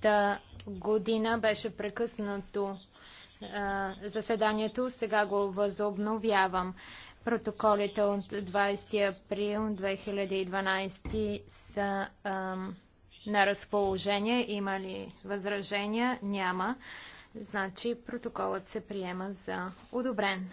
2012 година беше прекъснато заседанието. Сега го възобновявам. Протоколите от 20 април 2012 са на разположение. Има ли възражения? Няма. Значи протоколът се приема за одобрен.